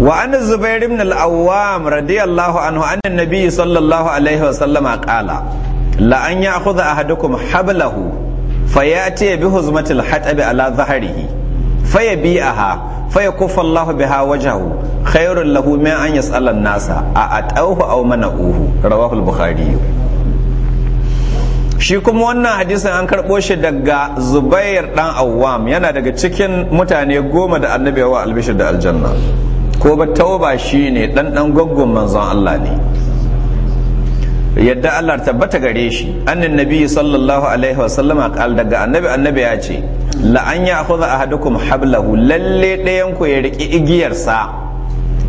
وعن الزبير بن الأوام رضي الله عنه أن النبي صلى الله عليه وسلم قال لأن يأخذ أحدكم حبله فيأتي بهزمة الحطب على ظهره فيبيعها فيكف الله بها وجهه خير له من أن يسأل الناس أأتوه أو منعوه رواه البخاري shi kuma wannan hadisin an karɓo shi daga zubair dan awwam yana daga cikin mutane goma da annabi wa albishir da aljanna ko ba tauba shi ne ɗanɗan gwaggon manzon Allah ne yadda Allah tabbata gare shi annin nabi sallallahu alaihi wasallama kal daga annabi annabi ya ce la an ya akhudha ahadukum hablahu lalle ɗayan ku ya riki igiyarsa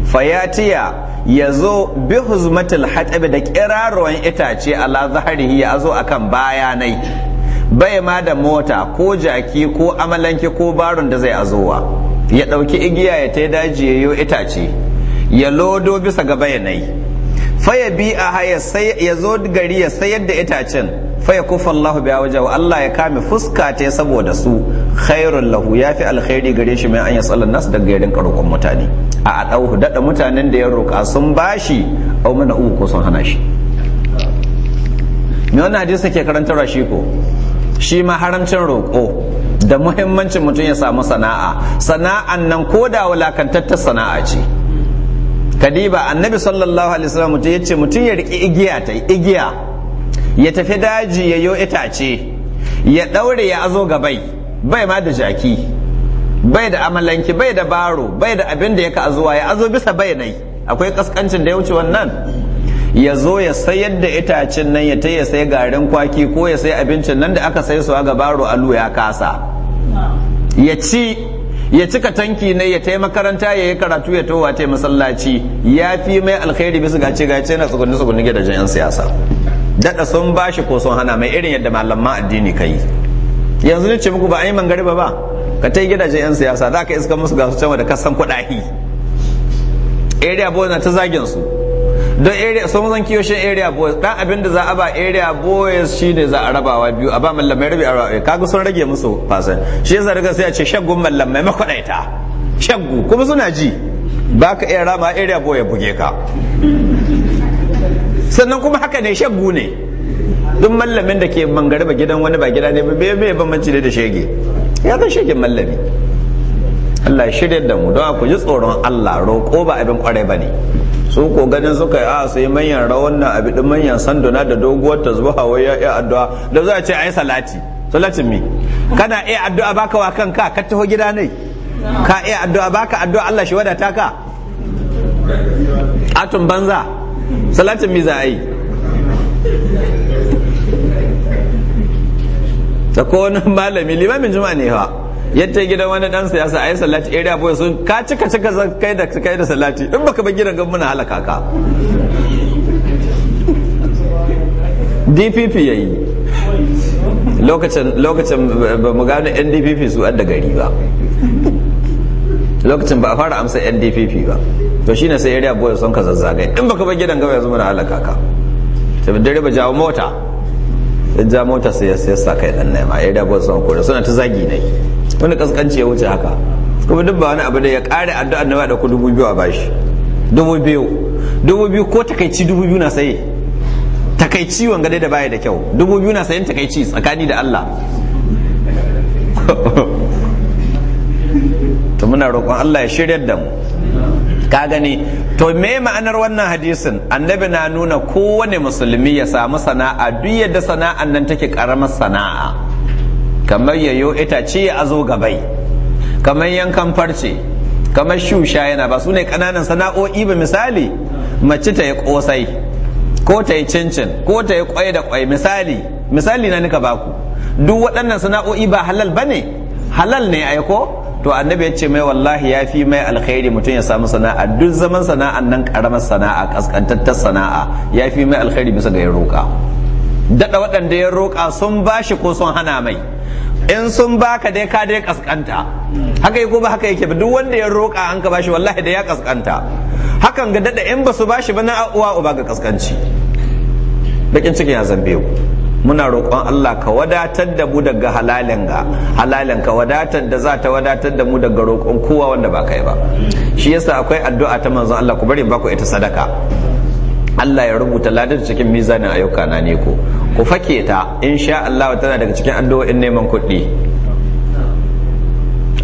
fayatiya ya zo bi huzmatil hatabi da kiraruwan itace ala zaharihi ya zo akan bayanai bai ma da mota ko jaki ko amalanki ko barun da zai azowa ya ɗauki igiya ya ta daji ya yi itace ya lodo bisa ga bayanai faya bi a haya ya zo gari ya sayar da itacen faya kufa Allah biya waje wa Allah ya kame fuska ta saboda su khairun lahu ya fi alkhairi gare shi mai an ya nas nasu daga yarin karokon mutane a ɗauhu daɗa mutanen da ya roƙa sun bashi au mana uku ko sun hana shi me wani hadisi ke karantarwa shi shi ma haramcin roƙo da muhimmancin mutum ya samu sana'a sana'an nan ko da walakantattar sana'a ce kadiba annabi sallallahu alaihi wasallam mutum yace mutum ya riki igiya ta igiya ya tafi daji ya yo itace ya daure ya azo gabai bai ma da jaki bai da amalanki bai da baro bai da abin da yaka azuwa ya azo bisa bayanai akwai kaskancin da ya wuce wannan ya zo ya sayar da itacen nan ya ta ya sai garin kwaki ko ya sai abincin nan da aka sai su a gabaro alu ya kasa ya ci ya cika tanki ne ya taimaka makaranta ya yi karatu ya towa ta masallaci ya fi mai alkhairi bisa gace gace na tsugunni tsugunni gidajen yan siyasa dada sun bashi ko sun hana mai irin yadda malaman addini ka yi yanzu ne ce muku ba an yi mangariba ba ka ta yi gidajen yan siyasa za ka iska musu gasu cewa da kasan kudahi. area boy na ta zagin su don area so mazan kiyoshin area boys dan abin da za a ba area boys shine za a rabawa biyu a ba mallamai rabi a rabi kaga sun rage musu fasa shi yasa daga sai a ce shaggun mallamai makwadaita shaggu kuma suna ji ba ka iya rama area boy ya buge ka sannan kuma haka ne shaggu ne duk mallamin da ke ba gidan wani ba gida ne ba bai bambanci da shege ya zan shege mallami Allah ya shirya da mu don ku ji tsoron Allah roƙo ba abin kwarai ba ne su ko ganin suka yi a ah, sai manyan rawan na abi din manyan sanduna da doguwar ta zuwa wai ya yi addu'a da za a ce ai salati salatin mi kana iya addu'a baka wa kanka ka taho gida ne ka iya addu'a baka addu'a Allah shi wadata ka atun banza salatin mi za a yi ta ko wani malami limamin juma'a ne fa yadda gidan wani dan siyasa ayi salati area boy sun ka cika cika kai da kai da salati in baka bar gidan gan muna halaka ka DPP yayi lokacin lokacin ba mu gano NDPP su adda gari ba lokacin ba a fara amsa NDPP ba to shine sai area boy sun ka zazzagai in baka bar gidan gan yanzu muna halaka ka sai dare ba jawo mota ja mota sai ya sa kai dan nema area boy sun kore suna ta zagi ne wani kaskanci ya wuce haka kuma duk ba wani abu da ya kare addu'a na da ku dubu biyu a bashi dubu biyu dubu biyu ko takaici dubu biyu na saye takaici wanga dai da baya da kyau dubu biyu na sayen takaici tsakani da Allah to muna roƙon Allah ya shiryar da mu ka gani to me ma'anar wannan hadisin annabi na nuna kowane musulmi ya samu sana'a duk yadda sana'an nan take karamar sana'a kamar yayo itace ya azo gabai kamar yankan farce kamar shusha yana ba su ne kananan sana'o'i ba misali mace ta yi kosai ko ta yi cincin ko ta yi kwai da kwai misali misali na nika baku duk waɗannan sana'o'i ba halal ba ne halal ne aiko to annabi ya ce mai wallahi ya fi mai alkhairi mutum ya samu sana'a duk zaman sana'an nan karamar sana'a kaskantattar sana'a ya fi mai alkhairi bisa ga ya roƙa daɗa waɗanda ya roƙa sun bashi ko sun hana mai in sun baka dai ka dai kaskanta haka yi kuma haka yake ba, duk wanda ya roƙa an ka bashi wallahi da ya kaskanta hakan ga dada in ba su bashi ba na uwa uba ga kaskanci bakin cikin ya zambe ku muna roƙon Allah ka wadatar da mu daga halalin ga halalin ka wadatar da za ta wadatar da mu daga roƙon kowa wanda ba kai ba shi yasa akwai addu'a ta manzon Allah ku bari ba ku ita sadaka Allah ya rubuta ladar cikin mizanin ayyuka na ne ko ku fake ta in sha Allah tana daga cikin addu'o'in neman kuɗi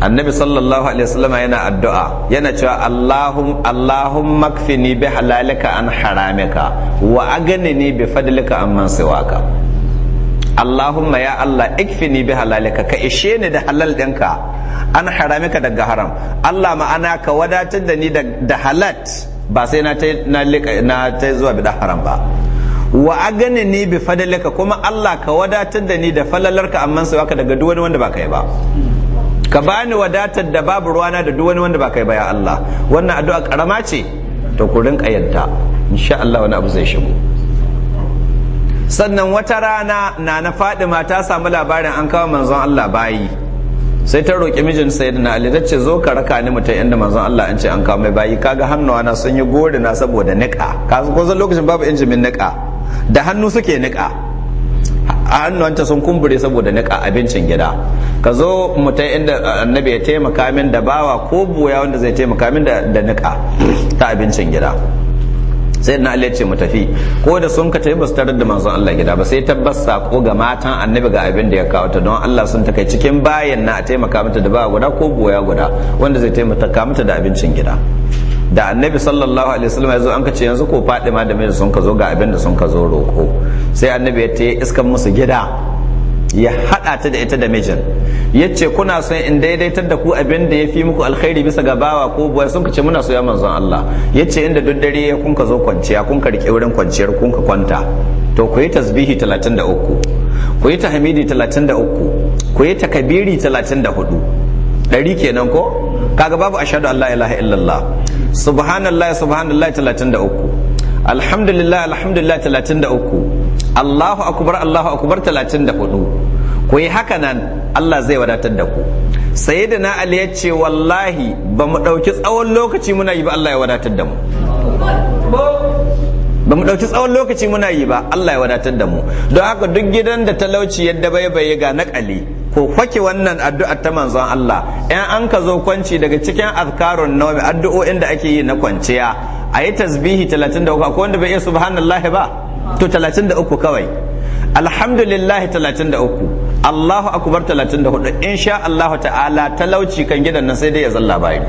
annabi sallallahu alaihi wasallam yana addu'a yana cewa allahum allahum makfini bi halalika an haramika wa aganini bi fadlika an mansiwaka Allahumma ya Allah ikfini bi halalika ka ishe ni da halal ɗinka an haramika daga haram Allah ma'ana ka wadatar da ni da halat ba sai na ta zuwa bi haram ba wa agana ni bi fadalaka kuma Allah ka wadatar da ni da falalarka amma sai ka daga duk wani wanda ba kai ba ka bani wadatar da babu ruwana da duk wani wanda ba kai ba ya Allah wannan addu'a karama ce to ku rinka yadda insha Allah wani abu zai shigo sannan wata rana na na Fadima ta samu labarin an kawo manzon Allah bayi sai ta roƙi mijin sayyidina Ali ta ce zo ka raka ni mutai inda manzon Allah an ce an kawo mai bayi kaga hannuwa na sun yi gori na saboda niƙa ka ko lokacin babu injimin niƙa da hannu suke niƙa a hannuwanta sun kumbure saboda niƙa abincin gida ka zo mutum inda annabi ya taimaka min da bawa ko buya wanda zai taimaka min da niƙa ta abincin gida sai na Allah mu tafi ko da sun ka tafi basu tarar da manzon Allah gida ba sai tabbas sako ga matan annabi ga abin da ya kawo ta don Allah sun takai cikin bayan na a taimaka mata da ba guda ko boya guda wanda zai taimaka mata da abincin gida da annabi sallallahu alaihi wasallam ya zo an kace yanzu ko fadima da mai sun ka zo ga abin da sun ka zo roko sai annabi ya ta iskan musu gida ya hada ta da ita da mijin ya ce kuna son in daidaitar da ku abin da ya fi muku alkhairi bisa ga bawa ko buwa sun kace muna so ya manzon Allah ya ce inda duk dare ya kun ka zo kwanciya kun ka rike wurin kwanciyar kun ka kwanta to ku yi tasbihi 33 ku yi tahmidi 33 ku yi takabiri 34 dari kenan ko kaga babu ashhadu an la ilaha illallah subhanallah subhanallah 33 alhamdulillah alhamdulillah 33 Allahu akbar Allahu akbar 34 ku yi haka nan Allah zai wadatar da ku sayyidina Ali ya ce wallahi ba mu ɗauki tsawon lokaci muna yi ba Allah ya wadatar da mu ba mu ɗauki tsawon lokaci muna yi ba Allah ya wadatar da mu don haka duk gidan da talauci yadda bai ga na ƙali ko kwake wannan addu'ar ta manzon Allah in an ka zo kwanci daga cikin azkarun wani addu'o'in da ake yi na kwanciya a yi tasbihi 33 ko wanda bai iya subhanallahi ba to 33 kawai alhamdulillahi 33 Allahu akubar 34 insha Allah ta'ala talauci kan gidan nan sai dai ya zalla bayan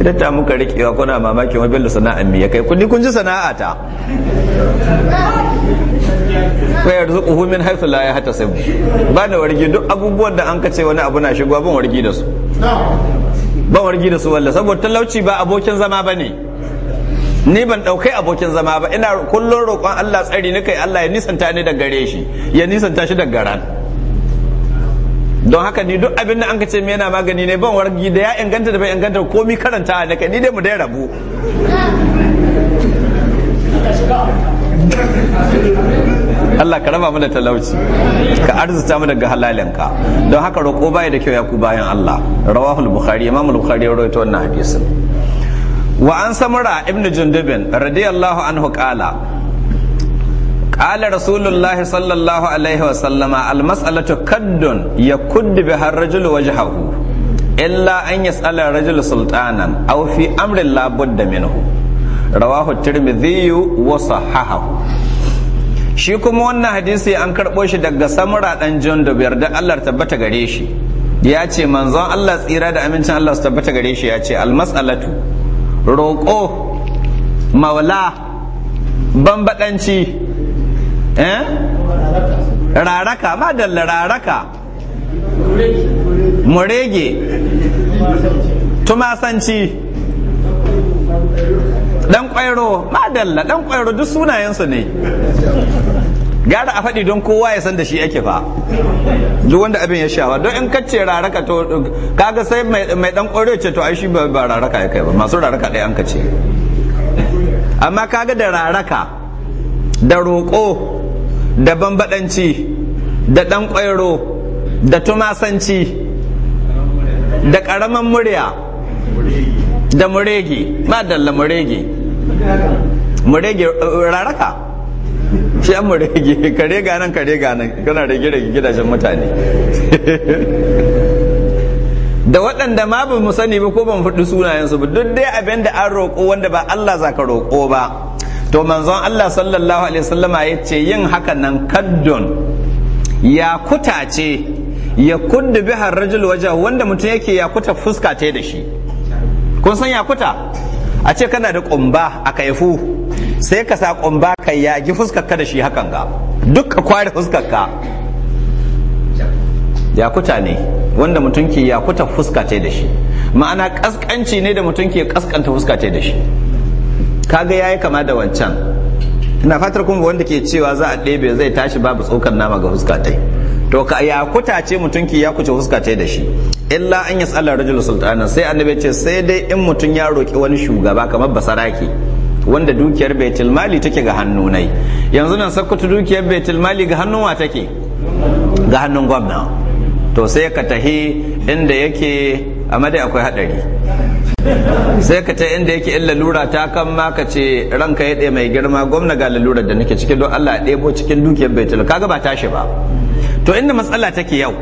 idan ta muka rikewa kuna mamaki wani bello sana'a me ya kai kulli kun ji sana'a ta wa yarzuquhu min haythu la yahtasib ba da wargi duk abubuwan da an ka ce wani abu na shigowa ban wargi da su ban wargi da su wallahi saboda talauci ba abokin zama ba ne. ni ban daukai abokin zama ba ina kullun roƙon Allah tsari ni kai Allah ya nisanta ni da gare shi ya nisanta shi daga garan don haka ni duk abin da an ka ce yana magani ne ban wargi da ya inganta da bai inganta komi karanta ne kai ni dai mu dai rabu Allah ka raba mana talauci ka arzuta mu daga halalinka don haka roƙo baya da kyau ya ku bayan Allah rawahul bukhari imam bukhari ya rawaito wannan hadisin wa an samura ibnu jundubin radiyallahu anhu qala ala rasulullahi sallallahu alaihi wa عليه وسلم المسألة yakuddu يكد بها الرجل illa an أن يسأل الرجل سلطانا أو amrin أمر budda بد rawahu رواه الترمذي sahahahu shi kuma wannan hadisi an karɓo shi daga samura dan biyar yarda Allah tabbata gare shi ya ce manzon Allah tsira da amincin Allah su tabbata gare shi ya ce almas'alatu roƙo maula bambaɗanci eh raraka ma dalla raraka murege tumasanci dan kwairo ma dalla dan kwairo duk sunayensu ne gara a faɗi don kowa ya san da shi ake fa duk wanda abin ya shawa don in kacce raraka to kaga sai mai dan kwairo ce to ai shi ba raraka ya kai ba masu raraka ɗaya an kace amma kaga da raraka da roƙo da bambadanci da ɗan ƙwairo da tumasanci da karaman murya da muregi madalla muregi muregi raraka shi an muregi kare ganan kare ganan kana rage-rage gidajen mutane da waɗanda ma ba mu sani ba ko ban faɗi sunayensu ba duk dai abin da an roƙo wanda ba Allah za ka roƙo ba to manzon Allah sallallahu alaihi wasallama ya ce yin haka nan kaddon ya kutace ya kuddu bihar rajul waja wanda mutum yake ya kuta fuska ta da shi kun san ya kuta a ce kana da kumba a kaifu sai ka sa kumba ka yagi fuskar ka da shi hakan ga duka kware fuskar ka kuta ne wanda mutum ke kuta fuska ta da shi ma'ana kaskanci ne da mutum ke kaskanta fuska ta da shi kaga yayi kama da wancan ina fatar kuma wanda ke cewa za a ɗebe zai tashi babu tsokar nama ga tai to ka ya kutace mutum ki ya kuce huskatai da shi illa an yas'ala rajul sultana sai annabi ce sai dai in mutum ya roki wani shugaba kamar basaraki wanda dukiyar baitul mali take ga hannu nai yanzu nan sakkutu dukiyar baitul mali ga hannun wa take ga hannun gwamna to sai ka tahi inda yake amma dai akwai hadari sai ka ta inda yake in lalura ta kan ma ka ce ranka ya mai girma gwamna ga lalura da nake cikin don Allah ɗebo cikin dukiyar baitul kaga ba tashi ba to inda matsala take yau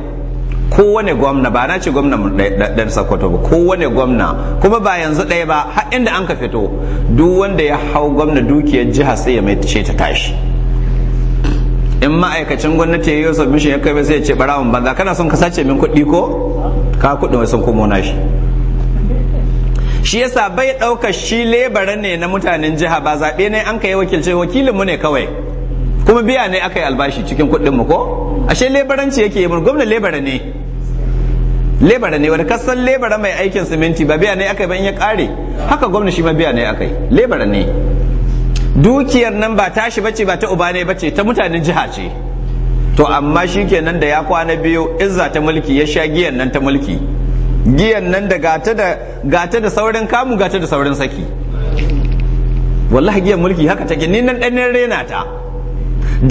kowane gwamna ba na ce gwamna ɗan sakwato ba kowane gwamna kuma ba yanzu ɗaya ba har inda an ka fito duk wanda ya hau gwamna dukiyar jiha sai ya mai ce ta tashi in ma'aikacin gwamnati ya yi submission ya kai sai ya ce barawon banza kana son ka sace min kuɗi ko ka kuɗin sun kuma shi shi yasa bai ɗaukar shi lebara ne na mutanen jiha ba zaɓe ne an ka yi wakilce wakilin mu ne kawai kuma biya ne aka yi albashi cikin kuɗin mu ko ashe lebaranci yake yi gwamna lebara ne lebara ne wani kasan lebara mai aikin siminti ba biya ne aka yi ba in ya ƙare haka gwamna shi ma biya ne aka yi lebara ne dukiyar nan ba tashi bace ba ta uba ne bace ta mutanen jiha ce to amma shi kenan da ya kwana biyu izza ta mulki ya sha giyan nan ta mulki giyan nan da gata da saurin kamu gata da saurin saki wallahi giyan mulki haka take ni nan dan rena ta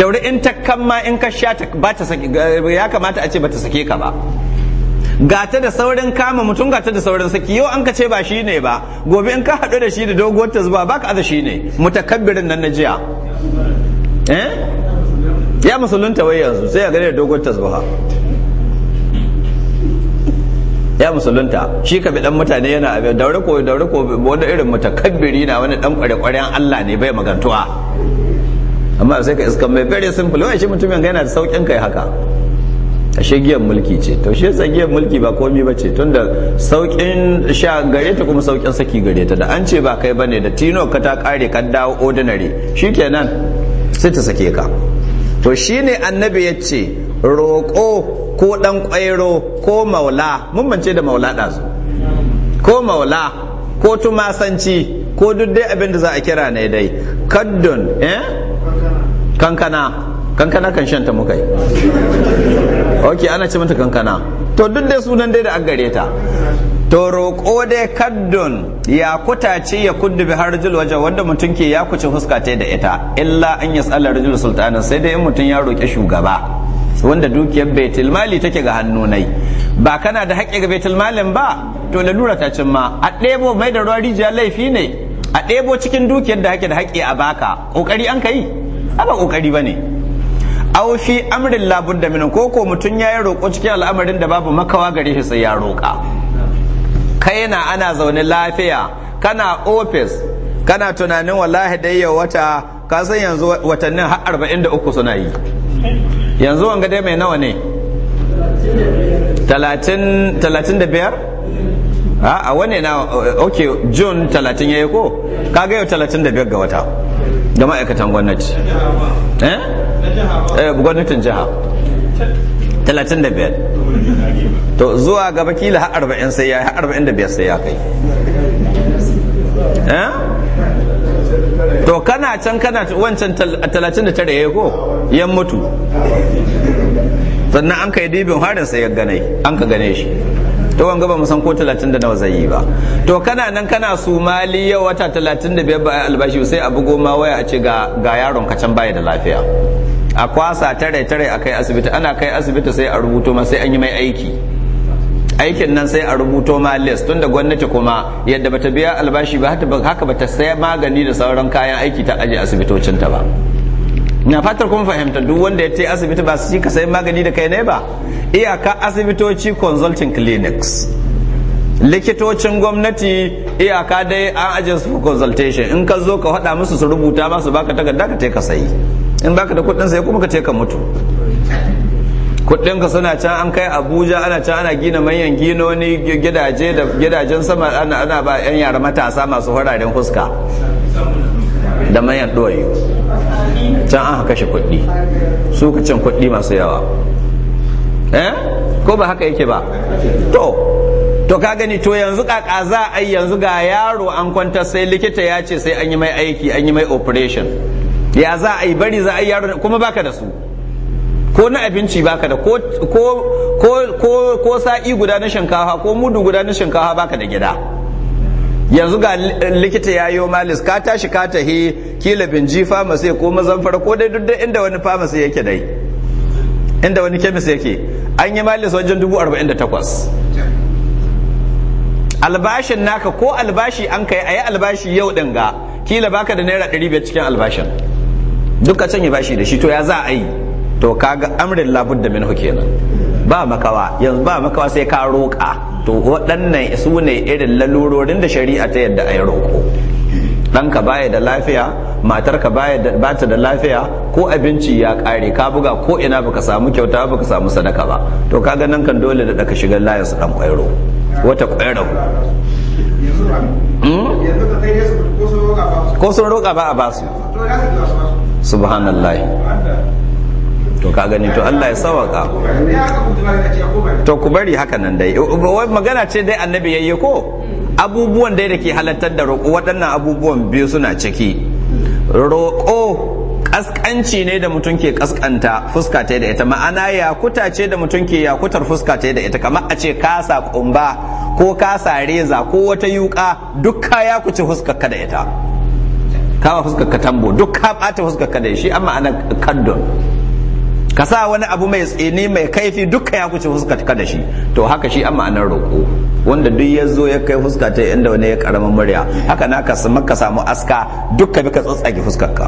daure in ta kamma in ka sha ta ba ta saki ya kamata a ce ba ta sake ka ba gata da saurin kama mutum gata da saurin saki yau an ka ce ba shi ne ba gobe in ka haɗu da shi da doguwar ta zuba baka aza shi ne mutakabbirin nan na jiya eh ya musulunta wai yanzu sai ya gare da doguwar ta zuba ya musulunta shi ka bi dan mutane yana abin daure ko daure ko wani irin mutakabbiri na wani dan kware kwarekwaren Allah ne bai magantuwa amma sai ka iska mai very simple wai shi mutumin yana da saukin kai haka ashe giyan mulki ce to shi yasa giyan mulki ba komi ba ce tunda saukin sha gare ta kuma saukin saki gare ta da an ce ba kai bane da tino ka ta kare ka dawo ordinary shikenan sai ta sake ka to shine annabi ya ce roƙo ko ɗan ƙwairo ko maula mun da maula ɗazu ko maula ko tumasanci ko duk dai abin da za a kira ne dai kaddun eh kankana kankana kan shanta muka yi ok ana ce mata kankana to duk dai sunan dai da an gare ta to roƙo dai kaddun ya kutace ya bi har rajul waje wanda mutum ke ya kuce fuska ta da ita illa an yas'ala rajul sultanin sai dai in mutum ya roƙi shugaba wanda dukiyar baitul mali take ga hannu nai ba kana da haƙƙi ga baitul ba to lalura ta cin ma a ɗebo mai da ruwan rijiya laifi ne a ɗebo cikin dukiyar da hake da haƙƙi a baka ƙoƙari an ka yi ba ƙoƙari ba ne A fi amrin labun da minin koko mutum ya yi roƙo cikin al'amarin da babu makawa gare shi sai ya roƙa kai na ana zaune lafiya kana ofis kana tunanin wallahi dai yau wata ka san yanzu watannin har 43 suna yi yanzu wanga dai mai nawa ne talatin da biyar a wane na ok june talatin ya yi ko kaga yau talatin da biyar ga wata ga ma'aikatan gwamnati eh? eh gwamnatin jiha talatin da biyar to zuwa gaba kila har arba'in sai ya har arba'in da biyar sai ya kai eh to kana can kana wancan 39 ya eh ko yan mutu sannan an kai dibin harin sai ya ganai an ka gane shi to an ba mu ko talatin da nawa zai yi ba to kana nan kana su mali yau wata 35 ba albashi sai a bugo ma waya a ce ga yaron ka can baya da lafiya a kwasa tare tare a kai asibiti ana kai asibiti sai a rubuto ma sai an yi mai aiki aikin nan sai a rubuto ma list tun da gwamnati kuma yadda bata biya albashi ba haka bata saya magani da sauran kayan aiki ta aje asibitocin ta ba na fatar kuma fahimta duk wanda ya ce asibiti ba su ka sai magani da kai ne ba iyaka asibitoci consulting clinics likitocin gwamnati iyaka dai an aje su for consultation in ka zo ka faɗa musu su rubuta ba su baka takarda ka ta ka sayi in baka da kuɗin sai kuma ka ce ka mutu kudinka suna can an kai abuja ana can ana gina manyan ginoni gidaje da gidajen sama ana ba 'yan yara matasa masu hararen fuska da manyan doyi can an kashe kuɗi su ka can kuɗi masu yawa eh ko ba haka yake ba to to ka gani to yanzu kaka za ai yanzu ga yaro an kwanta sai likita ya ce sai an yi mai aiki an yi mai operation ya za a yi bari za a yi yaro kuma baka da su ko na abinci baka da ko ko ko sa'i guda na shinkafa ko mudu guda na shinkafa baka da gida yanzu ga likita ya yi malis ka tashi ka tahi kila binji famasi ko mazanfara ko dai duk inda wani famasi yake dai inda wani kemis yake an yi malis wajen dubu albashin naka ko albashi an kai a albashi yau din ga kila baka da naira ɗari biyar cikin albashin duka can ya bashi da shi to ya za a yi to kaga amrin da minhu kenan ba makawa yanzu ba makawa sai ka roƙa to waɗannan su ne irin lalurorin da shari'a ta yadda a yi roƙo ɗanka baya da lafiya matarka baya da bata da lafiya ko abinci ya ƙare ka buga ko ina baka samu kyauta baka samu sadaka ba to kaga nan kan dole da ka shiga layin su dan kwairo wata ƙwairo hmm? ko sun roƙa ba a basu subhanallah to ka gani to Allah ya sawaka to ku bari haka nan dai magana ce dai annabi yayye ko abubuwan dai da ke halattar da roƙo waɗannan abubuwan biyu suna ciki roƙo ƙasƙanci ne da mutum ke ƙasƙanta fuska ta da ita ma'ana yakuta ce da mutum ke yakutar fuska ta da ita kamar a ce kasa ƙumba, ko kasa reza ko wata yuka duk ka kuci fuskar ka da ita kama fuskar ka tambo duk ka bata fuskar ka da shi amma ana kaddon ka sa wani abu mai tsini mai kaifi duka ya kuce fuska ta da shi to haka shi amma anan roƙo wanda duk ya zo ya kai fuska ta inda wani ya karamin murya haka na ka ka samu aska duka bi ka tsatsage fuskar ka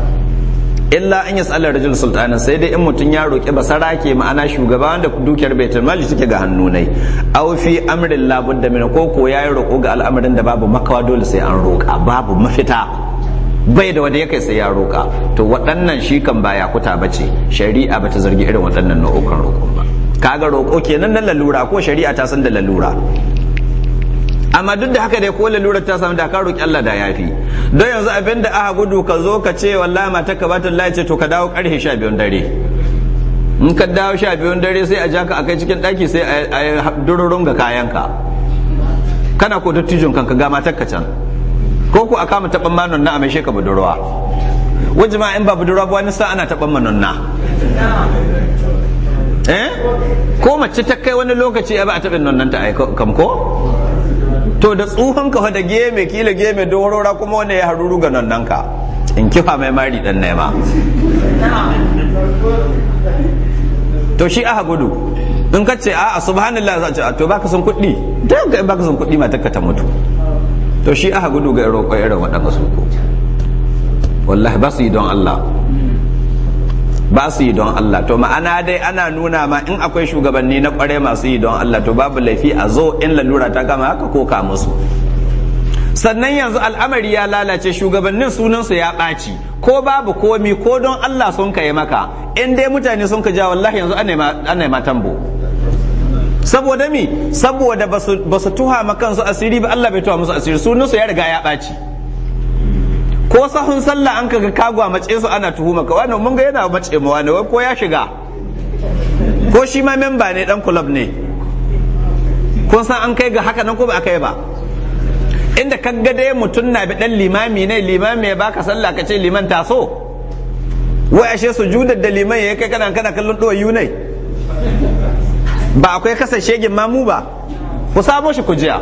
illa an tsallar rajul sultana sai dai in mutum ya roƙi ke ma'ana shugaba wanda dukiyar baitul mali take ga hannu nai aw fi amrin labudda min ko ko yayi roƙo ga al'amarin da babu makawa dole sai an roƙa babu mafita bai da wanda ya kai sai ya roƙa to waɗannan shi kan ba ya ba ce shari'a ba ta zargi irin waɗannan nau'ukan roƙon ba kaga roƙo kenan na lalura ko shari'a ta san da lalura amma duk da haka dai ko lalura ta samu da ka roƙi Allah da yafi don yanzu abin da aka gudu ka zo ka ce wallahi mata ka bata Allah ce to ka dawo ƙarfe 12 dare in ka dawo 12 dare sai a ja ka akai cikin ɗaki sai a dururun ga kayanka kana ko dattijon kanka ga matar ka can ko ku a kama taɓan manon na a mai sheka budurwa ma in ba budurwa ba wani sa ana taɓan manon na eh ko mace ta kai wani lokaci ba a taɓin nan ta kam ko to da tsohon ka da geme kila geme dorora kuma wanda ya haruru ga nonnan ka in kifa mai mari dan nema to shi aha gudu in ka ce a subhanallah za ce to baka son kuɗi dan ka baka son kuɗi ma takka ta mutu to shi aka gudu ga roƙo irin waɗanda su ko wallahi ba su yi don Allah ba su yi don Allah to ma'ana dai ana nuna ma in akwai shugabanni na ƙware masu yi don Allah to babu laifi a zo in lalura ta gama haka ko ka musu sannan yanzu al'amari ya lalace shugabannin sunansu ya ɓaci ko babu komi ko don Allah sun yi maka in dai mutane sun ka ja wallahi yanzu ana ma tambo saboda mi saboda ba su tuha ma kansu asiri ba Allah bai tuha musu asiri sunansu ya riga ya ɓaci ko sahun sallah an kaga kagwa mace su ana tuhuma ka wani mun ga yana mace mu wani ko ya shiga ko shi ma memba ne dan club ne kun san an kai ga haka nan ko ba a kai ba inda kaga dai mutum na bi dan limami ne limami ya baka sallah ka ce liman taso wai ashe sujudar da liman ya kai kana kana kallon ɗoyi ne ba akwai kasar shegin mamu ba ku samo shi kujiya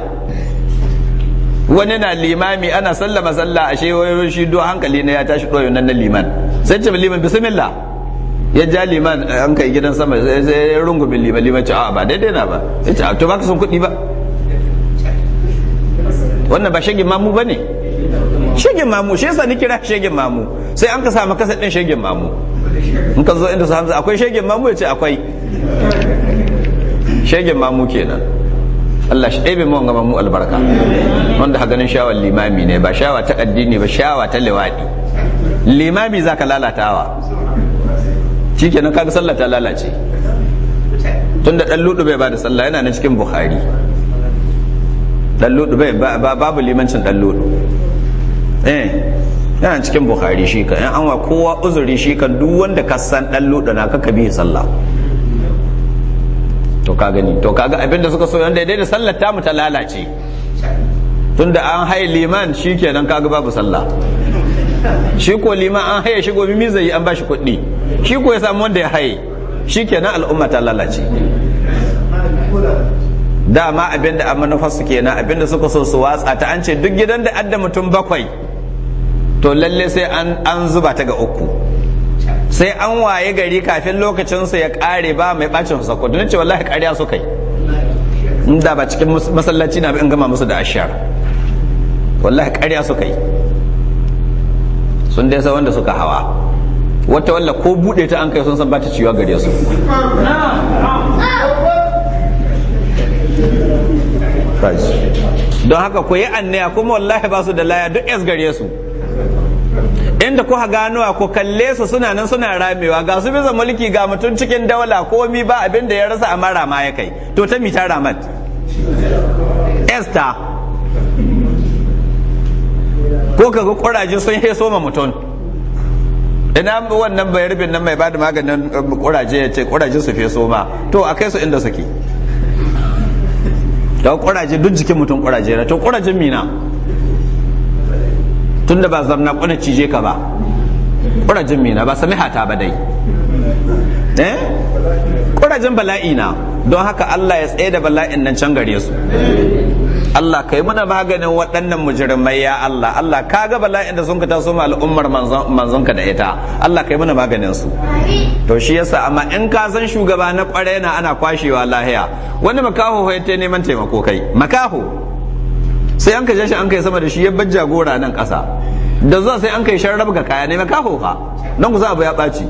wani na limami ana sallama sallah a shewayoyin shi do hankali na ya tashi ɗoyo nan na liman sai ce liman bismillah ya ja liman eh, an kai gidan sama sai ya rungumin liman liman ce a ba daidai na ba sai ce to baka son kuɗi ba wannan ba shegin mamu ba ne shegin mamu shi yasa ni kira shegin mamu sai an ka samu kasa ɗin shegin mamu in ka zo inda su hamza akwai shegin mamu ya ce akwai shegen mu kenan Allah shi ebe mawan gaban mu albarka wanda haganin shawar limami ne ba shawa ta addini ba shawa ta liwaɗi limami za ka lalatawa Cike na kaga sallah ta lalace tunda ɗan ludu bai ba da sallah yana na cikin bukhari ɗan ludu bai babu limancin ɗan ludu eh yana cikin bukhari shi kan an wa kowa uzuri shi kan duk wanda ka san ɗan na kaka bihi sallah to ka gani to kaga ga abinda suka so yanda daidai da sallar tamu ta lalace tunda an haye liman shi shikenan kaga babu sallah shi ko liman an haye shi gobe yi an bashi kuɗi shi ko ya samu wanda ya haye shikenan al'umma ta lalace dama abinda an an su kenan abinda suka so su watsa ta an ce duk gidan da adda mutum bakwai to lalle sai an zuba ta ga uku sai an waye gari kafin lokacinsa ya kare ba mai bacin sa don ce wallahi kariya su kai da ba cikin masallaci na in gama musu da ashar wallahi kariya su kai. sun dai sa wanda suka hawa wata walla ko bude ta an kai sun san ba ta ciwa gare su don haka ku yi annaya kuma wallahi ba su da laya duk yas gare su inda kuka gano ku kalle su suna nan suna ramewa ga su bisa mulki ga mutum cikin daula komi ba abin da ya rasa amma rama ya kai to ta mita ramat esther ko ka ga kuraje sun heso soma mutum ina wannan bayarbin nan mai ba da maganin kuraje um, ya ce kuraje su fe soma to a kai su inda suke da kuraje duk jikin mutum kuraje to kurajen mina tunda ba zamna kuna cije ka ba ƙurajin mina ba sami hata ba dai eh ƙurajin bala'i na don haka Allah ya tsaye da bala'in nan can gare su Allah kai muna maganin waɗannan mujirmai ya Allah Allah ka ga bala'in da sun ka taso ma al'ummar manzon ka da ita Allah kai muna maganin su to shi yasa amma in ka san shugaba na ƙware na ana kwashewa lahiya wani makaho ya ta neman taimako kai makaho sai an ka shi an kai sama da shi ya bar gora nan ƙasa da zuwa sai an kai shan ga kaya ne mai kako ka don ku za abu ya ɓaci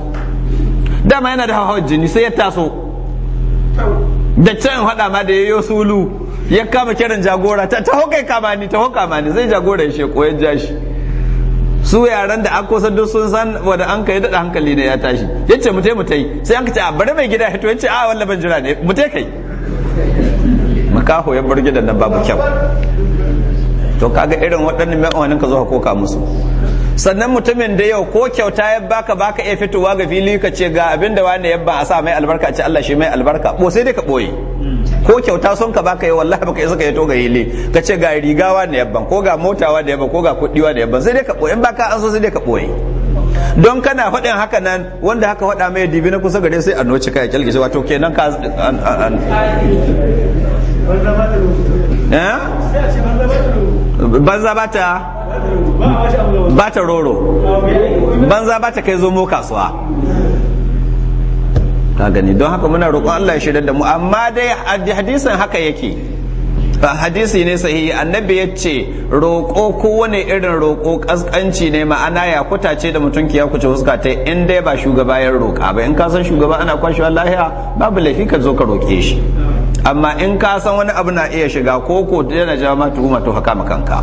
dama yana da hawa jini sai ya taso da can haɗa ma da yayo sulu ya kama kiran jagora ta taho kai kama ni taho kama ni sai jagora ya sheko ya ja shi su yaran da akwai kusa duk sun san wanda an kai daɗa hankali ne ya tashi ya ce mu mutai sai an ce a bari mai gida hito ya ce a wallaban ban jira ne mu kai makaho ya bar gidan nan babu kyau to kaga irin waɗannan ma'aunin ka zo ka koka musu sannan mutumin da yau ko kyauta ya baka baka iya fitowa ga fili ka ce ga abin da wani yabba a sa mai albarka ce Allah shi mai albarka ko sai dai ka boye ko kyauta son ka baka yau wallahi baka isa ka yi to ga hili ka ce ga rigawa ne yabban ko ga motawa da yabba ko ga kuɗi da yabban sai dai ka boye in baka an so sai dai ka boye don kana faɗin haka nan wanda haka faɗa mai dibi na kusa gare sai a noci kai kyalki sai wato kenan ka an an an banza bata ta roro banza ba ta kai zomo kasuwa ka gani don haka muna roƙon Allah ya shirya da mu amma dai hadisin haka yake ba hadisi ne sahihi annabi ya ce roƙo kowane irin roƙo ƙasƙanci ne ma'ana ya kutace da mutum ya kuce huska ta in dai ba shugaba ya roƙa ba in ka san shugaba ana kwashewa lahiya babu laifi ka zo ka roƙe shi amma in ka san wani abu na iya shiga ko ko yana jawo ma tuhuma to haka makanka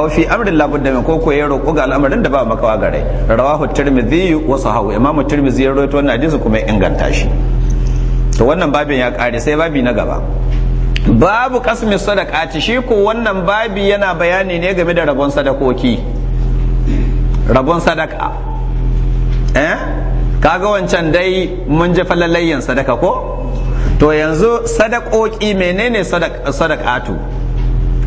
aw fi amrin la budda min ko ya roƙo ga al'amarin da ba makawa gare rawahu tirmidhi wa sahahu imamu tirmidhi ya rawaito wannan hadisi kuma inganta shi to wannan babin ya kare sai babi na gaba babu kasmi Sadaka shi ko wannan babi yana bayani ne game da rabon sadakoki rabon sadaka eh kaga wancan dai mun ji falalayyan sadaka ko to yanzu sadakoki menene sadakatu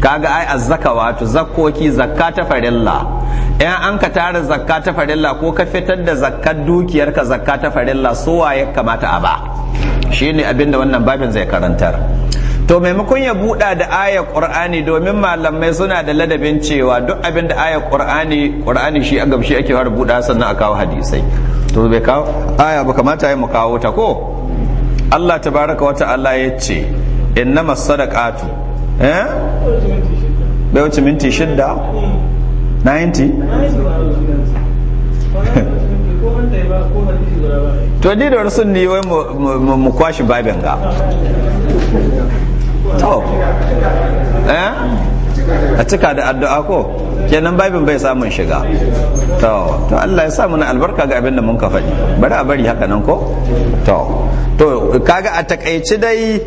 kaga ai wato zakkoki zakka ta farilla in an ka tara zakka ta farilla ko ka fitar da zakkar dukiyarka zakka ta farilla wa ya kamata a ba shine abinda wannan babin zai karantar to maimakon ya buɗa da ayar ƙur'ani domin malamai suna da ladabin cewa duk abin da ayar ƙur'ani qur'ani shi a gamshi ake fara buɗa sannan a kawo hadisai to bai kawo aya ba kamata ya mu kawo ta ko Allah ta baraka wata Allah ya ce in innama sadaqatu eh bai wuce minti shidda 90 to ni da rasul ne wai mu kwashi babin ga to eh a cika da addu'a ko kenan babin bai samun shiga to to Allah ya sa mana albarka ga abin da mun ka faɗi bari a bari haka nan ko to to kaga a takaici dai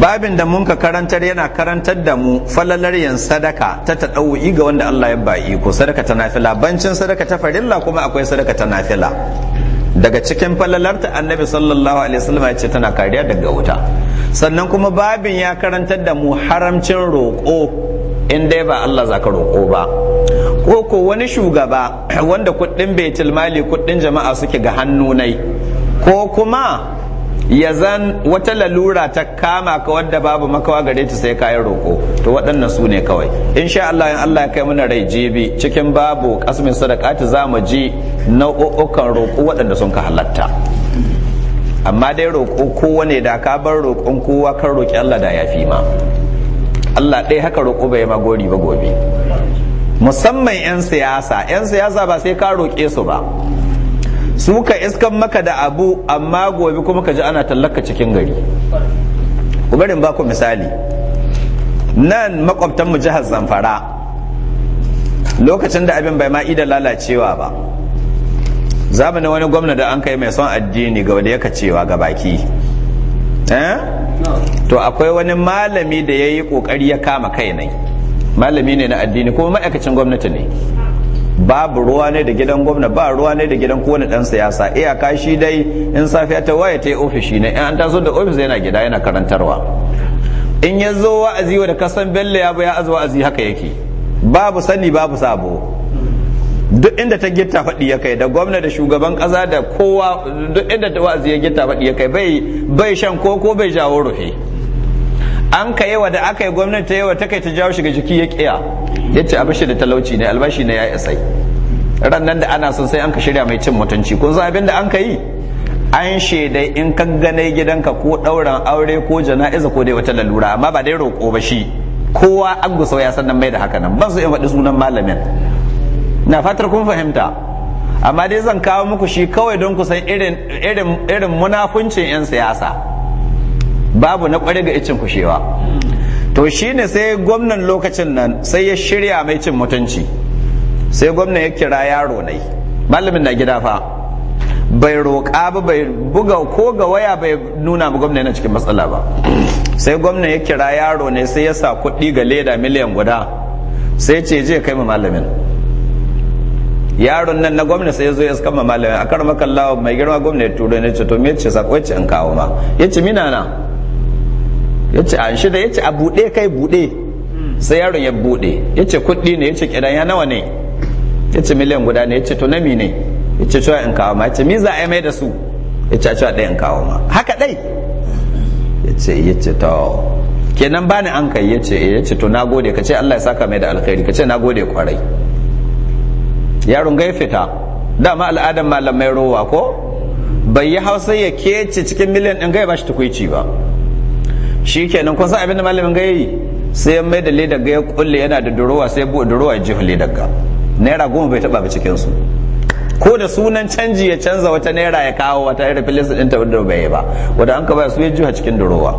babin da mun ka karantar yana karantar da mu falalar yan sadaka ta ɗau'i ga wanda Allah ya ba iko sadaka ta nafila bancin sadaka ta farilla kuma akwai sadaka ta nafila daga cikin falalarta annabi sallallahu alaihi wasallam ya ce tana kariya daga wuta sannan kuma babin ya karantar da mu haramcin roƙo in dai ba Allah za ka roƙo ba ko ko wani shugaba wanda kuɗin baitul mali kuɗin jama'a suke ga hannunai ko kuma ya zan wata lalura ta kama ka wadda babu makawa gare ta sai kayan roƙo to waɗannan su ne kawai insha Allah in Allah ya kai mana rai jibi cikin babu kasmin sadaqati za mu ji nau'ukan roƙo waɗanda sun ka halatta amma dai roƙo kowane da ka bar roƙon kowa kan roƙi Allah da yafi ma Allah ɗaya haka roƙo bai ma gori ba gobe musamman 'yan siyasa 'yan siyasa ba sai ka roƙe su ba su ka iskan maka da abu amma gobe kuma ka ji ana tallaka cikin gari ba ku misali nan makwabtanmu jihar zamfara lokacin da abin bai ma lalacewa ba zamanin wani gwamna da an kai mai son addini ga wanda yaka cewa ga baki eh? to akwai wani malami da ya yi kokari ya kama kai nai malami ne na addini kuma ma'aikacin gwamnati ne babu ruwa ne da gidan gwamna ba ruwa ne da gidan kowane dan siyasa iyaka shi dai in safiya ta waye ta yi ofishi ne in an taso da ofis yana gida yana karantarwa in ya zo wa'azi wa kasan bello ya ya azo wa'azi haka yake babu sani babu sabo duk inda ta gitta faɗi ya kai da gwamna da shugaban ƙasa da kowa duk inda ta wa'azi ya gitta faɗi ya kai bai bai shan koko bai jawo rufe an ka yawa da aka yi gwamnati ta yawa ta kai ta jawo shiga jiki ya kiya ya ce shi da talauci ne albashi ne ya yi isai ran nan da ana son sai an ka shirya mai cin mutunci kun san abin da an ka yi an shaidai in ka gane gidanka ko ɗauran aure ko jana'iza ko dai wata lalura amma ba dai roƙo ba shi kowa an gusa ya san nan mai da haka nan ban su in faɗi sunan malamin na fatar kun fahimta amma dai zan kawo muku shi kawai don ku san irin munafuncin 'yan siyasa babu na kware ga icin kushewa to shi ne sai gwamnan lokacin nan sai ya shirya mai cin mutunci sai gwamnan ya kira yaro nai malamin na gida fa bai roƙa ba bai buga ko ga waya bai nuna ba gwamna yana cikin matsala ba sai gwamna ya kira yaro ne sai ya sa kuɗi ga leda miliyan guda sai ce je kai ma malamin yaron nan na gwamna sai zo ya kama malamin a kar lawa mai girma gwamna ya turo ne ce to me ce sako ce in kawo ma yace mina na yace an shida ya yace a bude kai bude sai yaron ya bude yace kuɗi ne yace kidan ya nawa ne yace miliyan guda ne yace to na mi ne yace cewa in kawo ma yace mi za a mai da su yace a cewa ɗaya in kawo ma haka dai yace yace to kenan bani an kai yace ce to ka kace Allah ya saka mai da alkhairi kace gode kwarai yaron gai fita dama al'adar malamai rowa ko bai yi hausa ya kece cikin miliyan ɗin gai ba shi tukuici ba shi kenan kun san abinda malamin gai sai ya mai da ledar ya kulle yana da durowa sai buɗe durowa ya jihu ledar ga naira goma bai taɓa ba su ko da sunan canji ya canza wata naira ya kawo wata irin filis ɗin ta wadda bai ba wadda an ka ba su ya jiha cikin durowa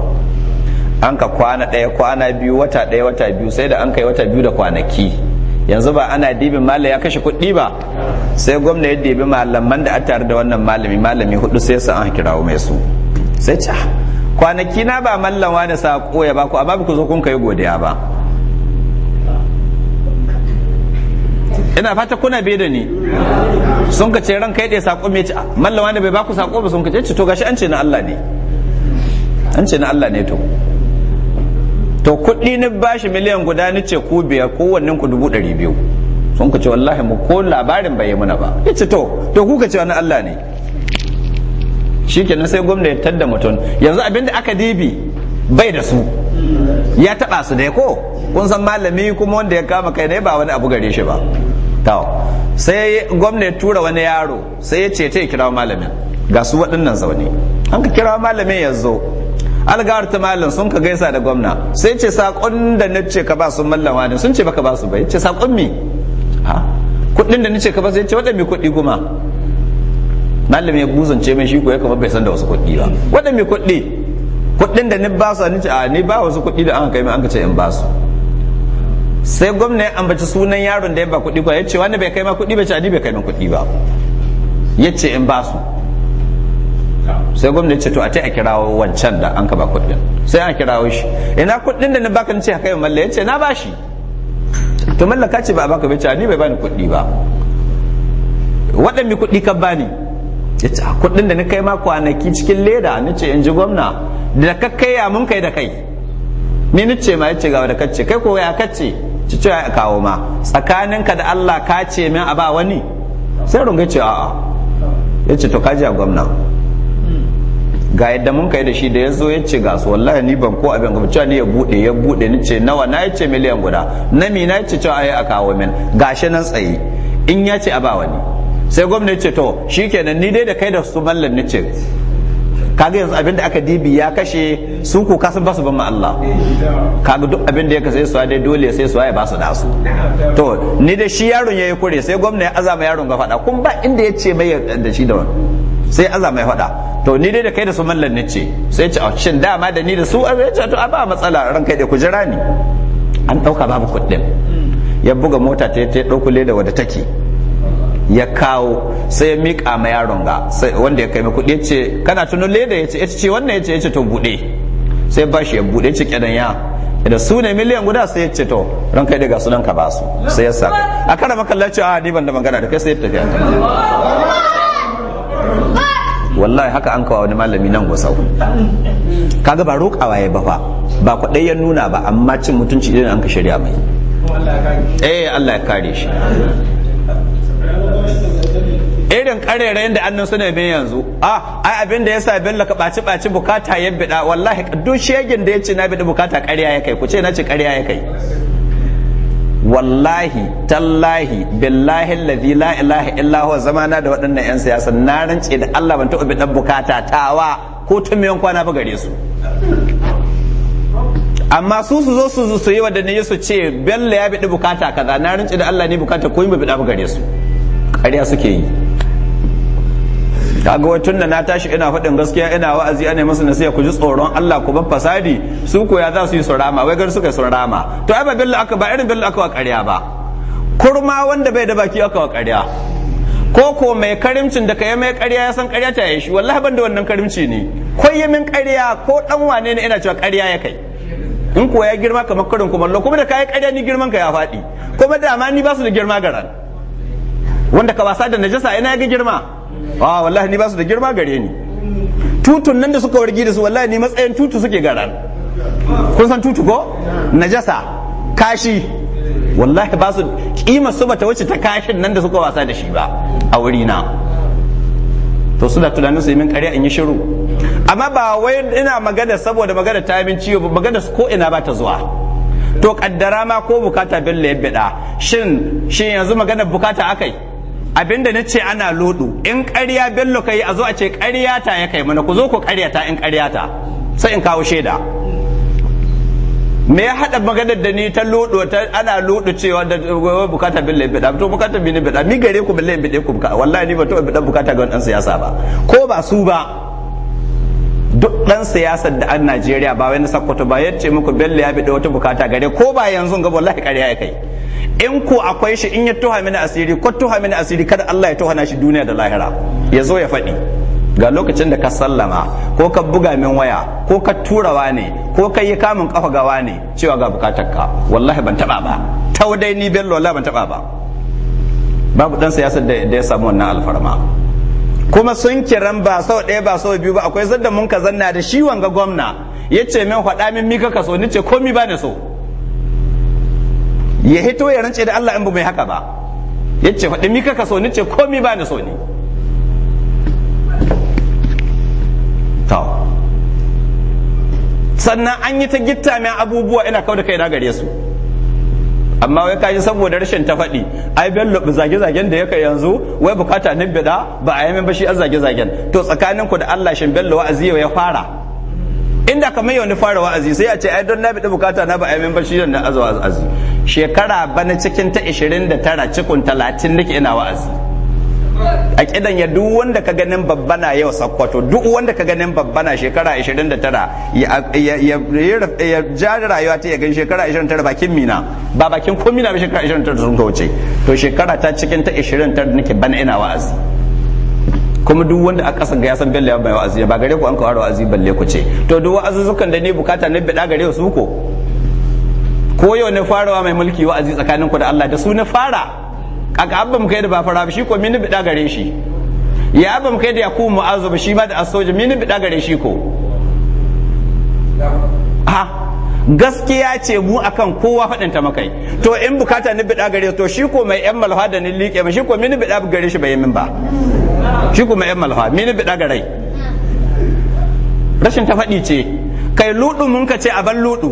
an ka kwana ɗaya kwana biyu wata daya wata biyu sai da an kai wata biyu da kwanaki yanzu ba ana dibin malam ya kashe kuɗi ba sai gwamna ya dibi malaman da a tare da wannan malami malami hudu sai su an kirawo mai su sai ca ah, kwanaki na ba mallan da sako ya baku amma ku zo kun kai godiya ba ina fata kuna bi da ni sun ka ce ran kai dai sako mai mallawa ah, mallan wani bai baku sako ba sun ka ce eh, to gashi an ce na Allah ne an ce na Allah ne to to kuɗi na bashi miliyan guda ni ce ku biya wannan ku dubu ɗari biyu sun ku ce wallahi mu ko labarin bai yi muna ba ya ce to to kuka ce wani Allah ne shikenan sai gwamna ya tadda mutum yanzu abinda aka dibi bai da su ya taɓa su dai ko kun san malami kuma wanda ya kama kai ne ba wani abu gare shi ba to sai gwamna ya tura wani yaro sai ya ce ta kira malamin ga su waɗannan zaune an ka kira malamin yanzu. algawar ta mallam sun ka gaisa da gwamna sai ce sakon da na ce ka ba su mallama ne sun ce baka ba su bai ce sakon me ha kudin da na ce ka ba sai ce waɗanda mai kuɗi kuma mallam ya ce mai shi ko ya kama bai san da wasu kuɗi ba waɗanda mai kuɗi kuɗin da ni ba su ni ce a ni ba wasu kuɗi da an kai mai an ka ce in ba su sai gwamna ya ambaci sunan yaron da ya ba kuɗi ko ya ce wani bai kai ma kuɗi ba ce a ni bai kai ma kuɗi ba ya ce in ba su sai gwamnati ce to a ta a kirawo wancan da an ka ba kuɗin sai an kirawo shi ina kuɗin da na baka ce haka yin malla yace na bashi to mallaka ce ba baka bace ni bai bani kuɗi ba waɗanne kuɗi ka bani yace kuɗin da na kai ma kwanaki cikin leda ni ce in ji gwamna da ka kai ya mun kai da kai ni ni ce ma yace ga da kace kai ko ya kace ci ce ya kawo ma tsakaninka da Allah ka ce min a ba wani sai runga ce a'a yace to kaji a gwamna ga yadda mun kai da shi da ya zo ya ce ga su wallahi ni ban ko abin ga cewa ni ya bude ya bude ni ce nawa na ya ce miliyan guda na mi na ce cewa ai a kawo min gashi nan tsaye in ya ce a ba wani sai gwamnati ce to shikenan ni dai da kai da su mallan ni ce kaga yanzu abin da aka dibi ya kashe su ko kasan su ban ma Allah kaga duk abin da ya kasai su dai dole sai su ya basu da su to ni da shi yaron yayi kure sai gwamnati ya azama yaron ga fada kun ba inda ya ce mai da shi da wani sai Allah mai faɗa to ni dai da kai da su mallan ne ce sai ce oh, shin dama da ni da su an ce to a ba matsala ran kai da ku jira ni an ɗauka babu kuɗin ya buga mota ta ta ɗauku leda wadda take ya kawo sai ya miƙa ma yaron ga wanda ya kai mai kuɗi ce kana tuno leda ya ce ya eh, ce wannan ya ce ya ce to buɗe sai ba shi ya buɗe ce kenan ya da su ne miliyan guda sai ya ce to ran kai daga sunan ka ba su sai ya sa a kana makalla ce a ah, ni ban da magana da kai sai ya tafi wallahi haka an kawo wani malami nan gusau kaga ba roƙawa ya ba fa ba kwaɗai ya nuna ba amma cin mutunci irin an ka shirya mai eh Allah ya kare shi irin karerayen da annan suna bin yanzu ah ai abin da yasa bin laka baci baci bukata ya bida wallahi duk shegin da ya ce na bida bukata karya ya kai ku ce na ce karya ya kai wallahi tallahi billahi allazi la ilaha illa zamana da waɗannan yan siyasa na rance da Allah ban taɓa bidan bukata tawa ko tun miyan kwana ba gare su amma su su zo su su yi wadanne su ce bello ya bidi bukata kaza na rance da Allah ne bukata ko yin bida ba gare su ƙarya suke yi kaga wacin da na tashi ina faɗin gaskiya ina wa'azi ana musu nasiha ku ji tsoron Allah ku bar fasadi su ko ya za su yi surama wai gar suka su rama to ai ba billa aka ba irin billa aka wa ƙarya ba kurma wanda bai da baki aka wa ƙarya ko ko mai karimcin da kai mai ƙarya ya san ƙarya ta yi shi wallahi ban da wannan karimci ne koyemin ƙarya ko dan wane ne ina cewa ƙarya ya kai in ko ya girma kamar karin kumallo kuma da kai ƙarya ni girman ka ya faɗi kuma da ma ni ba su da girma garan wanda ka wasa da najasa ina ya ga girma a ah, wallahi ni ba da girma gare ni tutun nan da suka wargi da su wallahi ni matsayin tutu suke gara kun san tutu ko najasa kashi wallahi ba su kima su bata wuce ta kashin nan da suka wasa da shi ba a wuri na to suna tunanin su yi min ƙarya in yi shiru amma ba wai ina magana saboda magana ta min ciwo ba magana ko ina ba ta zuwa to kaddara ma ko bukata bello ya bida shin shin yanzu magana bukata akai abinda na ce ana lodo in ƙarya bello kai a zo a ce ƙarya ta ya kai mana ku zo ku ƙarya ta in ƙarya ta sai in kawo shaida me ya haɗa maganar da ni ta lodo ta ana lodo cewa da bukata bello in bida to bukata bello in bida ni gare ku bello in bida ku bukata wallahi ni ba to bida bukata ga wannan siyasa ba ko ba su ba duk ɗan siyasar da an Najeriya ba wai na Sokoto ba yace muku Bello ya bida wata bukata gare ko ba yanzu ga wallahi ƙarya ya kai in ko akwai shi in ya tuha mini asiri ko tuha mini asiri kada Allah ya na shi duniya da lahira ya zo ya faɗi ga lokacin da ka sallama ko ka buga min waya ko ka wa ne ko ka yi kamun kafa gawa ne cewa ga bukatar ka wallahi ban taba ba taudai ni bello wallahi ban taba ba babu dan siyasar da ya samu wannan alfarma kuma sun kiran ba sau ɗaya ba sau biyu ba akwai zanda mun ka zanna da shi wanga gwamna ya ce min faɗa min mika kaso ni ce komi ba ne so ya hito ya rance da Allah in ba mai haka ba ya ce faɗi mi ka so ni ce komi ba ni so ni sannan an yi ta gitta mai abubuwa ina kau da kai na gare su amma wai kaji saboda rashin ta faɗi ai bello zage-zagen da yaka yanzu wai bukata nin bida ba a yi min ba shi a zage-zagen to tsakanin ku da Allah shin bello wa'azi ya fara inda kamar yau ni fara wa'azi sai a ce ai don na bi bukata na ba a min bashi shi na azu wa'azi shekara bana cikin ta 29 cikin 30 nake ina wa'azi a kidan ya duk wanda ka ganin babba na yau sakkwato duk wanda ka ganin babba na shekara 29 ya ja rayuwa ta ya gan shekara 29 bakin mina ba bakin ko mina ba shekara 29 sun ka wuce to shekara ta cikin ta 29 nake bana ina wa'azi kuma duk wanda a kasan ga ya san bello ya bayo wa'azi ba gare ku an kawo wa'azi balle ku ce to duk wa'azuzzukan da ne bukata na bida gare su ko ko yau na farawa mai mulki wa'azi tsakanin ku da Allah da su na fara kaka abban kai da ba fara ba shi ko mini bida gare shi ya abban kai da yakubu mu'azzu ba shi ma da asoja mini bida gare shi ko ha gaskiya ce mu akan kowa faɗin ta makai to in bukata ni bida gare to shi ko mai yan malha da ni liƙe mai shi ko mini bida gare shi bai min ba shi kuma yan malfa mini bi daga rai rashin ta faɗi ce kai ludu mun ka ce aban ludu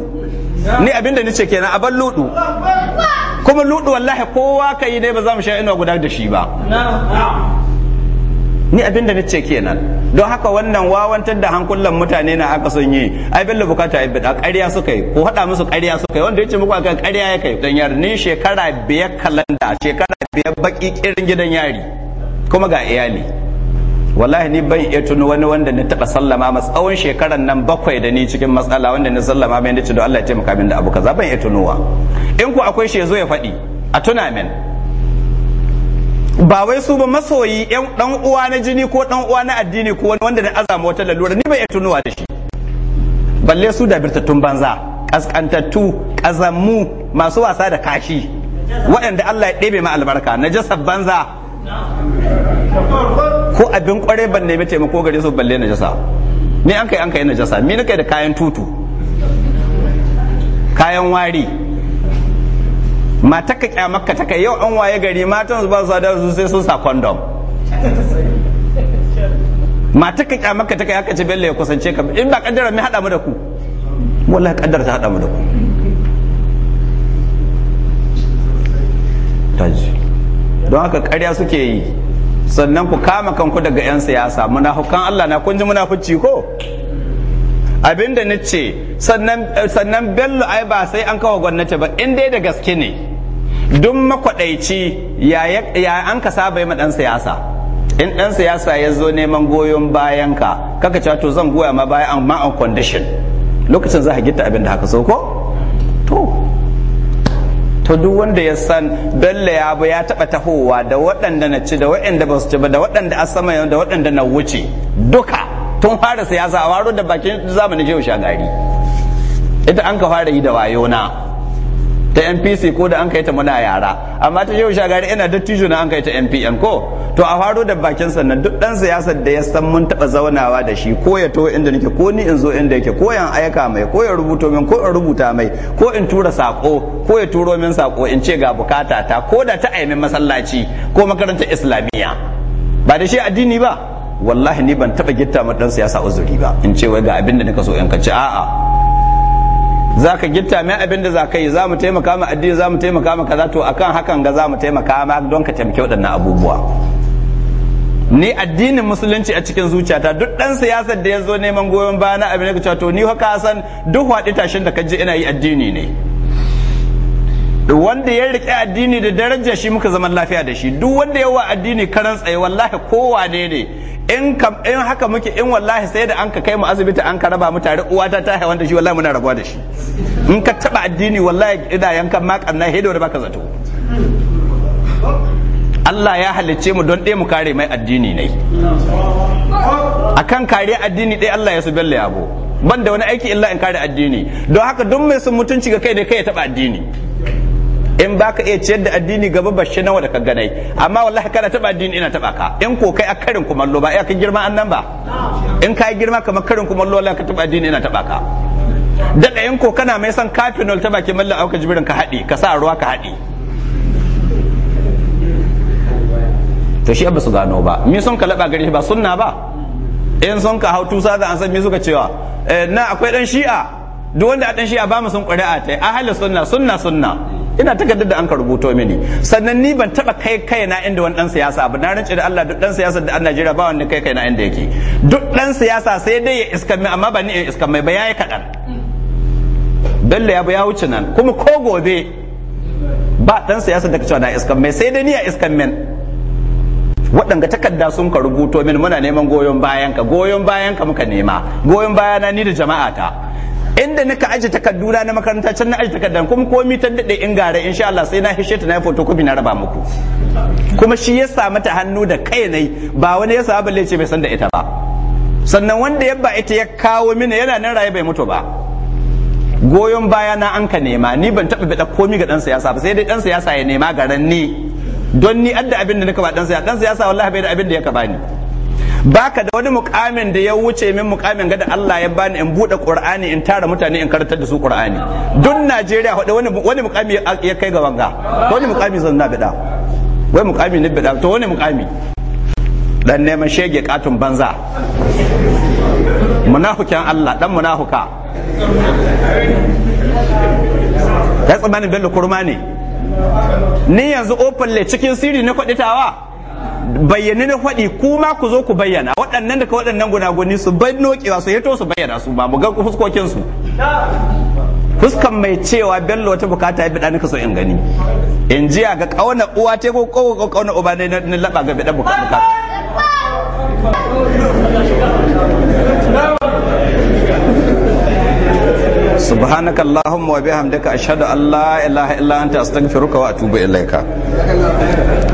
ni abinda ni ce kenan aban ludu kuma ludu wallahi kowa ka yi dai ba za mu sha ina guda da shi ba ni abinda ni ce kenan don haka wannan wawantar da hankulan mutane na aka son yi ai bello bukata ai bida ƙarya suka yi ko haɗa musu ƙarya suka yi wanda yace muku akan ƙarya ya kai dan yari ni shekara biyar kalanda shekara biyar baki kirin gidan yari kuma ga iyali wallahi ni ban iya tuno wani wanda na taba sallama masa tsawon shekaran nan bakwai da ni cikin matsala wanda na sallama mai nace don Allah ya taimaka min da abu kaza ban iya tunowa in ku akwai shi ya zo ya faɗi a tuna min ba wai su ba masoyi yan dan uwa na jini ko dan uwa na addini ko wani wanda na azama wata lalura ni ban ya tunowa da shi balle su da birtattun banza kaskantattu kazammu masu wasa da kashi waɗanda Allah ya ɗebe ma albarka na jasa banza ko abin kware ban nemi taimako gare su balle najasa ni an kai an kai najasa ni kai da kayan tutu kayan wari mata ka kyamarka ta kai yau an waye gari matan ba su da su sai sun sa kondom mata ka kyamarka ta kai aka ce bello ya kusance ka in ba kaddara mi hada mu da ku wallahi kaddara ta hada mu da ku don haka karya suke yi sannan ku kama kanku daga 'yan siyasa munafukan Allah na kunji ji munafuci ko abinda ni ce sannan bello ai ba sai an kawo gwamnati ba in dai da gaske ne duk makwaɗaici ya an ka saba yi ɗan siyasa in dan siyasa ya zo neman goyon bayanka ka kaka cewa to zan goya ma bayan amma on condition lokacin za ka gita abin da haka so ko to duk wanda ya san bello ya bu ya taba tahowa da waɗanda na ci da waɗanda ba su ci ba da waɗanda a sama yau da waɗanda na wuce duka tun fara siyasa a waro da bakin zamanin shehu shagari ita an ka fara yi da wayo na ta NPC ko da an kai ta muna yara amma ta yau shagari ina dattijo na an kai ta NPN ko to a faro da bakin sannan duk dan siyasar da ya san mun taba zaunawa da shi ko ya to inda nake ko ni in zo inda yake ko yan aika mai ko ya rubuto min ko in rubuta mai ko in tura sako ko ya turo min sako in ce ga bukata ta ko da ta aimin masallaci ko makaranta islamiyya ba da shi addini ba wallahi ni ban taba gitta ma dan siyasa uzuri ba in ce wai ga abin da nika so in ci a'a za ka gitta mai abin da za ka yi za mu taimaka ma addini za mu taimaka ma kaza to akan hakan ga za mu taimaka ma don ka taimake waɗannan abubuwa ni addinin musulunci a cikin zuciyata duk ɗan siyasar da ya zo neman goyon ba na abin da to ni haka san duk waɗi tashin da ka je ina yi addini ne wanda ya rike addini da daraja shi muka zaman lafiya da shi duk wanda ya wa addini karan tsaye wallahi kowane ne in kam in haka muke in wallahi sai da an ka kai mu asibiti an ka raba mu tare uwata ta haiwanta shi wallahi muna rabuwa da shi in ka taba addini wallahi ida yankan ma kanna hedo da baka zato Allah ya halicce mu don ɗaya mu kare mai addini ne akan kare addini ɗaya Allah ya su bella yabo ban da wani aiki illa in kare addini don haka duk mai sun mutunci ga kai da kai ya taba addini in baka iya ciyar da addini gaba bashi nawa da ka ganai amma wallahi kana taba addini ina taba ka in ko kai a karin kumallo ba ya ka girma annan ba in ka girma kamar karin kumallo wallahi ka taba addini ina taba ka daga in ko kana mai san kafinol ta bakin mallan auka jibirin ka haɗi ka sa ruwa ka haɗi to shi ba su gano ba mi sun ka laba gari ba sunna ba in sun ka hau tusa da an san mi suka cewa eh, na akwai dan shi'a duk wanda a dan a ba mu sun ƙuri'a ta ahli sunna sunna sunna ina takardar da an ka rubuto mini sannan ni ban taba kai kai na inda wani dan siyasa ba na rance da Allah duk dan siyasa da Allah jira ba wani kai kai na inda yake duk dan siyasa sai dai ya iska mai amma ba ni ya iska mai ba yayi kadan Bello ya ya wuce nan kuma ko gobe ba dan siyasa da cewa na iskan mai sai dai ni ya iskan min. waɗanga takarda sun ka rubuto min muna neman goyon bayan ka goyon bayan ka muka nema goyon bayana ni da jama'ata inda nika ajiye takarduna na makaranta can na aje takardan kuma komi ta dade in gare insha Allah sai na hishe ta na photocopy na raba muku kuma shi ya sa mata hannu da kai ne ba wani ya sa balle ce bai san da ita ba sannan wanda ya ba ita ya kawo mini yana nan raye bai mutu ba goyon baya na an ka nema ni ban taba bada komi ga ɗan siyasa ba sai dai ɗan siyasa ya nema garan ni don ni adda abin da nika ba ɗan siyasa dan siyasa wallahi bai da abin da ya ka bani baka da wani mukamin da ya wuce min mukamin ga da Allah ya bani in bude Qur'ani in tara mutane in karantar da su Qur'ani duk Najeriya hode wani wani mukami ya kai ga wanga wani mukami zan na bida wai mukami ne bida to wani mukami dan neman shege katun banza munafukin Allah dan munafuka ya tsamanin bello kurma ne ni yanzu openly cikin sirri ne kwaditawa bayyane na faɗi kuma ku zo ku bayyana waɗannan daga waɗannan gunaguni su bai nokewa su yato su bayyana su ba mu ga fuskokinsu. fuskan mai cewa bello wata bukata ya biɗa nika so in gani in jiya ga ƙauna uwa ta ko ko ƙauna uba ne na laba ga bida bukata سبحانك اللهم وبحمدك أشهد أن لا إله إلا أنت أستغفرك وأتوب إليك